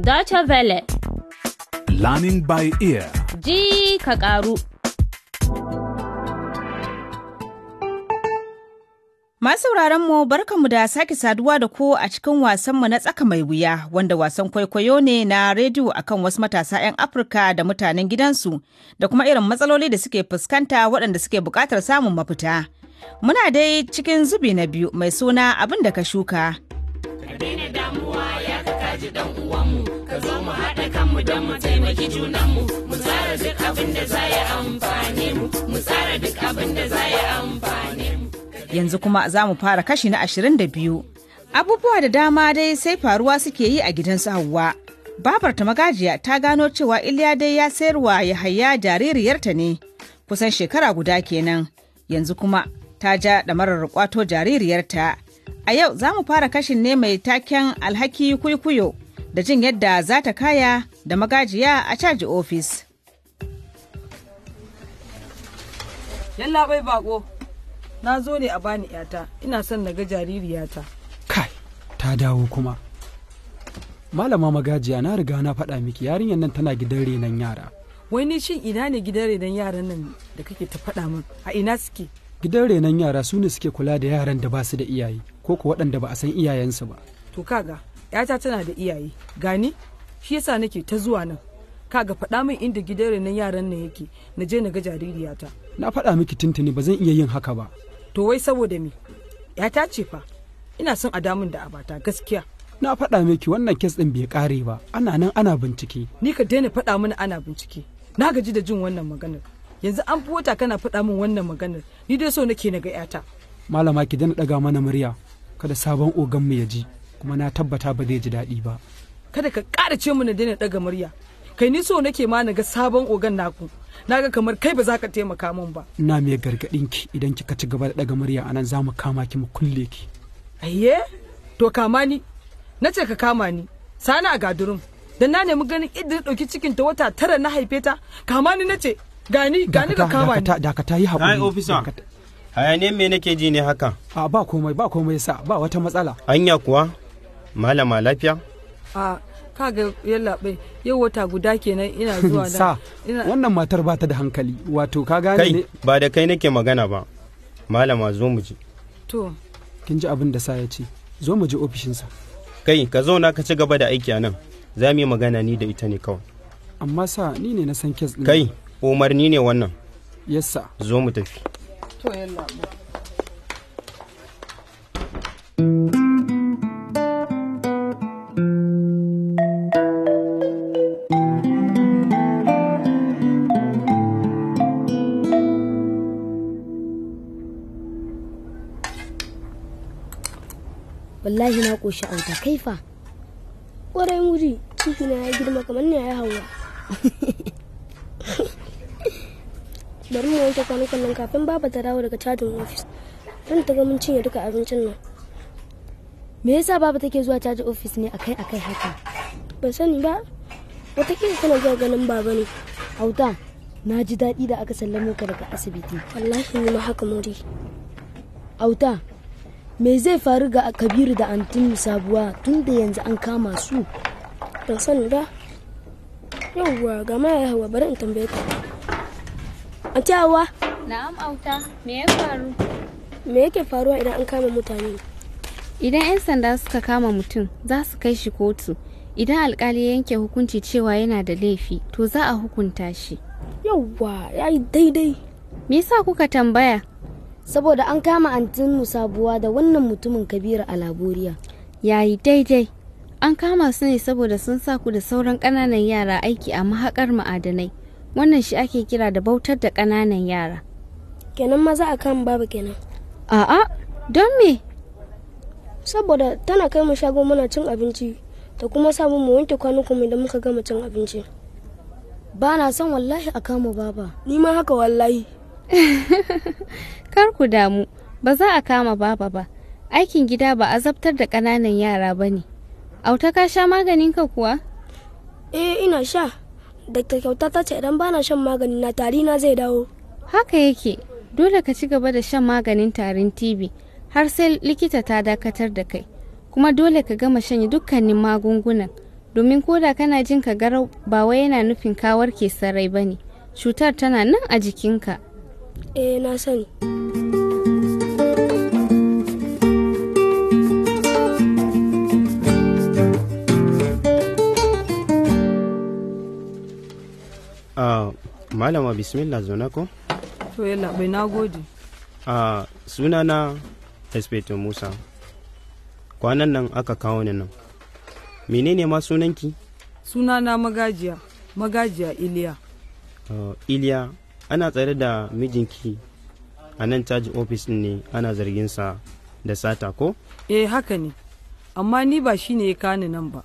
Dacha Vele. Learning by ear. Ji ka ƙaru. Masu sauraron mu barkanmu da sake saduwa da ku a cikin wasanmu na tsaka mai wuya wanda wasan kwaikwayo ne na rediyo akan wasu matasa 'yan Afirka da mutanen gidansu da kuma irin matsaloli da suke fuskanta waɗanda suke buƙatar samun mafita. Muna dai cikin zubi na biyu mai suna abin da ka shuka. ji dan uwanmu ka zo mu haɗa kanmu don mu taimaki junanmu mu tsara duk abin da za amfane mu mu tsara duk abin da za amfane mu yanzu kuma za mu fara kashi na ashirin da biyu abubuwa da dama dai sai faruwa suke yi a gidan su Hauwa babar ta magajiya ta gano cewa Iliya dai ya sayarwa ya haya jaririyarta ne kusan shekara guda kenan yanzu kuma ta ja ɗamarar kwato jaririyarta A yau za mu fara kashin ne mai taken alhaki kuikuyo da jin yadda za ta kaya da magajiya a caji ofis. Yalla bai bako, na zo ne a bani yata, ina son na ga jaririyata. Kai, ta dawo kuma. Malama magajiya na riga na faɗa miki yarinyar nan tana gidan renon yara. Wai ni shin ina ne gidan renon yaran nan da kake ta faɗa min a ina suke? gidan renon yara su ne suke kula da yaran da ba su da iyaye ko ku waɗanda ba a san iyayensu ba to kaga yata tana da iyaye gani shi yasa nake ta zuwa nan kaga faɗa min inda gidan renon yaran nan yake na je na ga jaririyata na faɗa miki tuntuni ba zan iya yin haka ba to wai saboda me yata ce fa ina son a damun da abata gaskiya na faɗa miki wannan kes ɗin bai ƙare ba ana nan ana bincike ni ka daina faɗa mana ana bincike na gaji da jin wannan maganar yanzu an fi wata kana faɗa min wannan maganar ni dai so nake na ga yata malama ki dana ɗaga mana murya kada sabon ogan mu ya ji kuma na tabbata ba zai ji daɗi ba kada ka ƙara ce mu na daina ɗaga murya kai ni so nake ma na ga sabon ogan naku naga kamar kai ba za ka taimaka min ba ina mai gargaɗin ki idan kika ci gaba da daga murya anan za mu kama ki mu kulle ki ayye to kama ni na ce ka kama ni sani a gadurum dan na nemi ganin idda ɗauki cikin ta wata tara na haife ta kama ni na ce gani gani ka kama ni dakata yi haƙuri ai me nake ji ne haka a ba komai ba komai sa ba wata matsala anya kuwa malama lafiya a kaga yalla bai yau wata guda kenan ina zuwa da wannan matar ba ta da hankali wato ka gane ne ba da kai nake magana ba malama zo mu ji to kin ji abin da sa ya ce zo mu je ofishinsa kai ka zauna ka ci gaba da aiki a nan za mu yi magana ni da ita ne kawai amma sa ni ne na san kes ɗin kai umarni ne wannan yasa zo mu tafi wallahi na koshi auta kaifa ƙwarai muri cikina ya girma kamar ne ya hawa bari mu wanke kwanukan nan kafin baba ta dawo daga cajin ofis don ta ga cinye duka abincin nan me yasa baba take zuwa caji ofis ne akai akai haka ban sani ba wata kila tana zuwa ganin baba ne hauta na ji daɗi da aka sallamo ka daga asibiti wallahi ni ma haka muri auta me zai faru ga kabiru da antin sabuwa tun da yanzu an kama su ban sani ba yauwa ga ma ya hawa bari in tambaye ka. Antawa. Na'am auta, me ya faru? Me yake faruwa idan an kama mutane? Idan 'yan sanda suka kama mutum, za su kai shi kotu. Idan alkali ya yanke hukunci cewa yana da laifi, to za a hukunta shi. Yawwa, ya yi daidai. Me yasa kuka tambaya? Saboda an kama antin sabuwa da wannan mutumin kabira a Laboriya. Ya yi daidai. An kama su ne saboda sun sa ku da sauran ƙananan yara aiki a mahaƙar ma'adanai. wannan shi ake kira da bautar da ƙananan yara kenan maza kan babu kenan a'a don me saboda tana kai mu shago muna cin abinci da kuma samu mu wanke kwanukan idan muka gama cin abinci ba na son wallahi a kama baba ni ma haka wallahi kar ku damu ba za a kama baba ba aikin gida ba azabtar da ƙananan yara ba ne auta ka sha maganin ka kuwa eh ina sha da kyauta ta ce idan bana shan magani na tari na zai dawo haka yake dole ka ci gaba da shan maganin tarin tb har sai likita ta dakatar da kai kuma dole ka gama shanye dukkanin magungunan domin koda kana jin ka garau ba wai yana nufin kawar ke sarai bane cutar tana nan a jikinka eh na sani malama bismillah zauna ko to yalla bai na gode a sunana espeto musa kwanan nan aka kawo ni nan menene ma sunanki sunana magajiya magajiya iliya uh, iliya ana tsare da mijinki a nan caji ofis ne ana zargin sa da sata ko eh haka ne amma ni ba shi ne ya kani nan ba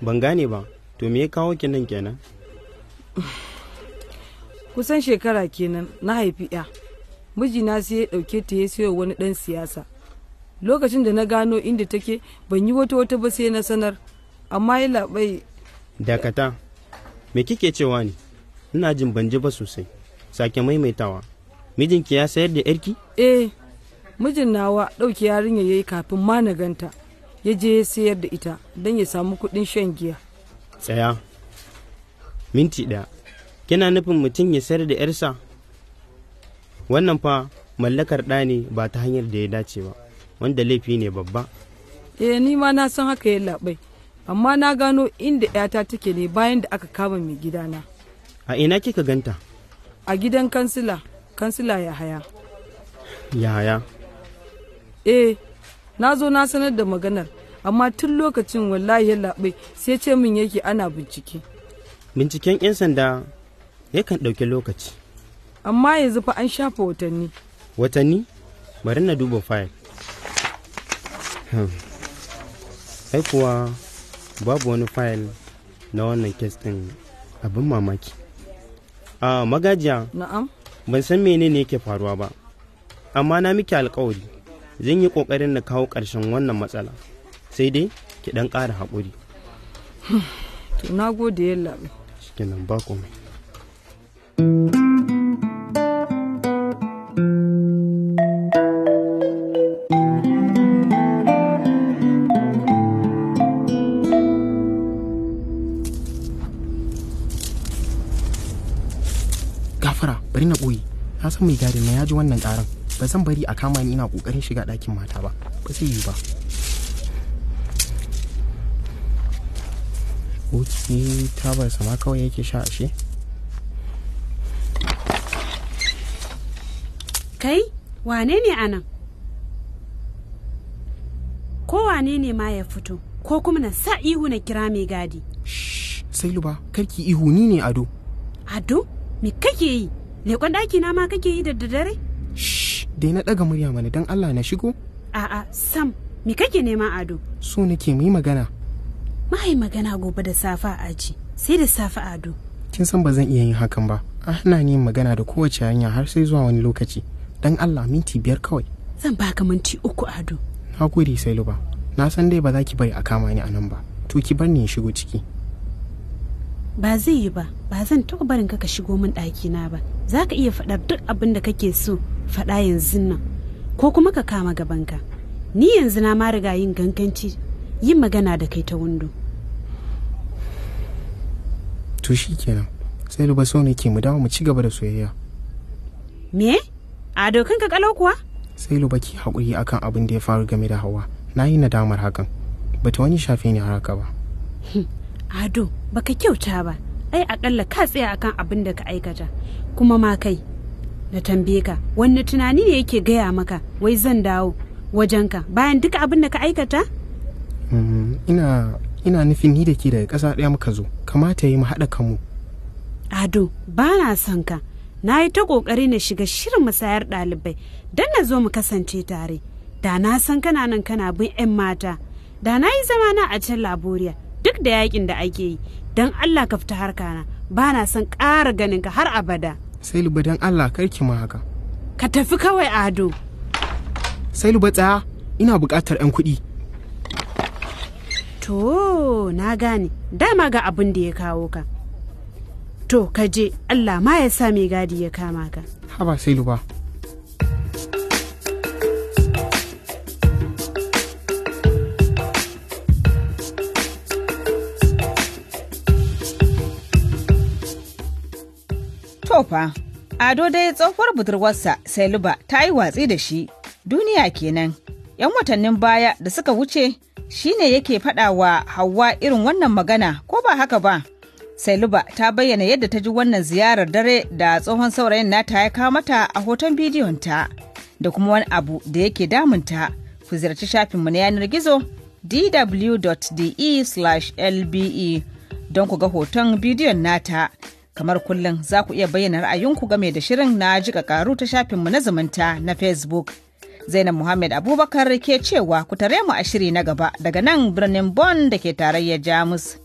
ban gane ba to me ya kawo ki nan kenan kusan shekara kenan na haifi ya mijina sai ya ɗauke ta ya sayo wani ɗan siyasa lokacin da na gano inda take ban yi wata wata ba sai na sanar amma ya labai dakata me kike cewa ne ina jin ban ba sosai sake maimaitawa mijinki ya sayar da yarki eh mijin nawa ɗauke yarinya yayi kafin ma na ganta ya je ya sayar da ita don ya samu kudin shan giya tsaya minti daya. kina nufin mutum ya sayar da yarsa wannan fa mallakar ɗa ne ba ta hanyar da ya dace ba wanda laifi ne babba eh ni ma na san haka ya labai amma na gano inda yata take ne bayan da aka kama mai gidana a ina kika ganta a gidan kansila kansila ya haya ya haya eh na zo na sanar da maganar amma tun lokacin wallahi ya labai sai ce min yake ana bincike binciken 'yan sanda yakan ɗauki lokaci amma yanzu fa an shafa watanni watanni bari na duba fayil hmm. ai kuwa babu wani fayil na wannan kes ɗin abin mamaki a magajiya na'am ban san menene yake faruwa ba amma na miki alkawari zan yi ƙoƙarin na kawo ƙarshen wannan matsala sai dai ki ɗan ƙara haƙuri hmm. to gode yalla shikenan ba komai gafara bari na ɓoye na san mai gadin na ya ji wannan ƙaran ba zan bari a kama ni ina ƙoƙarin shiga ɗakin mata ba ba zai yi ba ok tabar sama kawai yake sha ashe Kai, wane ne anan? Ko wane ne ma ya fito, ko kuma na sa ihu na kira mai gadi. sai luba karki ihu ni ne ado. Ado? Me kake yi? Lekon ɗaki na ma kake yi da daddare? dai na ɗaga murya mana don Allah na shigo? A'a, Sam, me kake nema ado? So nake mu yi magana. Mahai magana gobe da safa aji, sai da safa ado. Kin san ba zan iya yin hakan ba, ana hana ni magana da kowace hanya har sai zuwa wani lokaci. dan Allah minti biyar kawai zan baka minti uku ado gode sai luba na san dai ba za ki bari a kama ni a nan ba to ki bar ni shigo ciki ba zai yi ba ba zan taɓa barin ka ka shigo min ɗaki na ba za ka iya faɗar duk abin da kake so faɗa yanzu nan ko kuma ka kama gaban ka. ni yanzu na ma riga yin ganganci yin magana da kai ta wundo. to shi kenan sai luba so ne ke mu dawo mu ci gaba da soyayya me ado kan ka kalau kuwa? Sai baki haƙuri akan abin da ya faru game da Hawa. Na yi nadamar hakan. Bata wani shafe ni haka ba. Ado, baka kyauta ba. Ai akalla ka tsaya akan abin da ka aikata. Kuma ma kai, na tambaye ka, wanne tunani ne yake gaya maka wai zan dawo wajenka bayan duka abin da ka aikata? Mm, ina ina nufin ni da ke daga ƙasa ɗaya muka zo kamata yi mu haɗa kanmu ado ba na son ka na yi ta ƙoƙari na shiga shirin musayar ɗalibai don na zo mu kasance tare da na san kana nan kana bin 'yan mata da na yi na a can laboriya duk da yakin da ake yi don allah ka fita na, ba na son ƙara ganin ka har abada sai luba don allah karki ma haka ka tafi kawai ado sai luba tsaya ina buƙatar 'yan kuɗi to na gane dama ga abin da ya kawo ka to ka je allah ma ya sa mai gadi ya kama ka haba sai luba fa ado dai tsohuwar budurwarsa sai luba ta yi watsi da shi duniya kenan yan watannin baya da suka wuce shi ne yake faɗa wa hawa irin wannan magana ko ba haka ba Sailuba ta bayyana yadda ta ji wannan ziyarar dare da tsohon saurayin nata ya kawo mata a hoton bidiyon ta da kuma wani abu da yake damunta ku ziyarci shafinmu na yanar gizo dw.de/lbe e don ku ga hoton bidiyon nata kamar kullum za ku iya bayyana ra'ayinku game da shirin na jika karu ta shafinmu na zumunta na facebook zainab muhammad abubakar ke cewa ku tare mu a shiri na gaba daga nan birnin Bon da ke tarayyar jamus.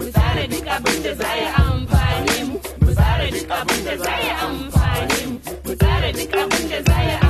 mu tsara duk abin da za ya amfani mu mu tsara duk abin da za ya amfani mu mu tsara duk abin da za ya amfani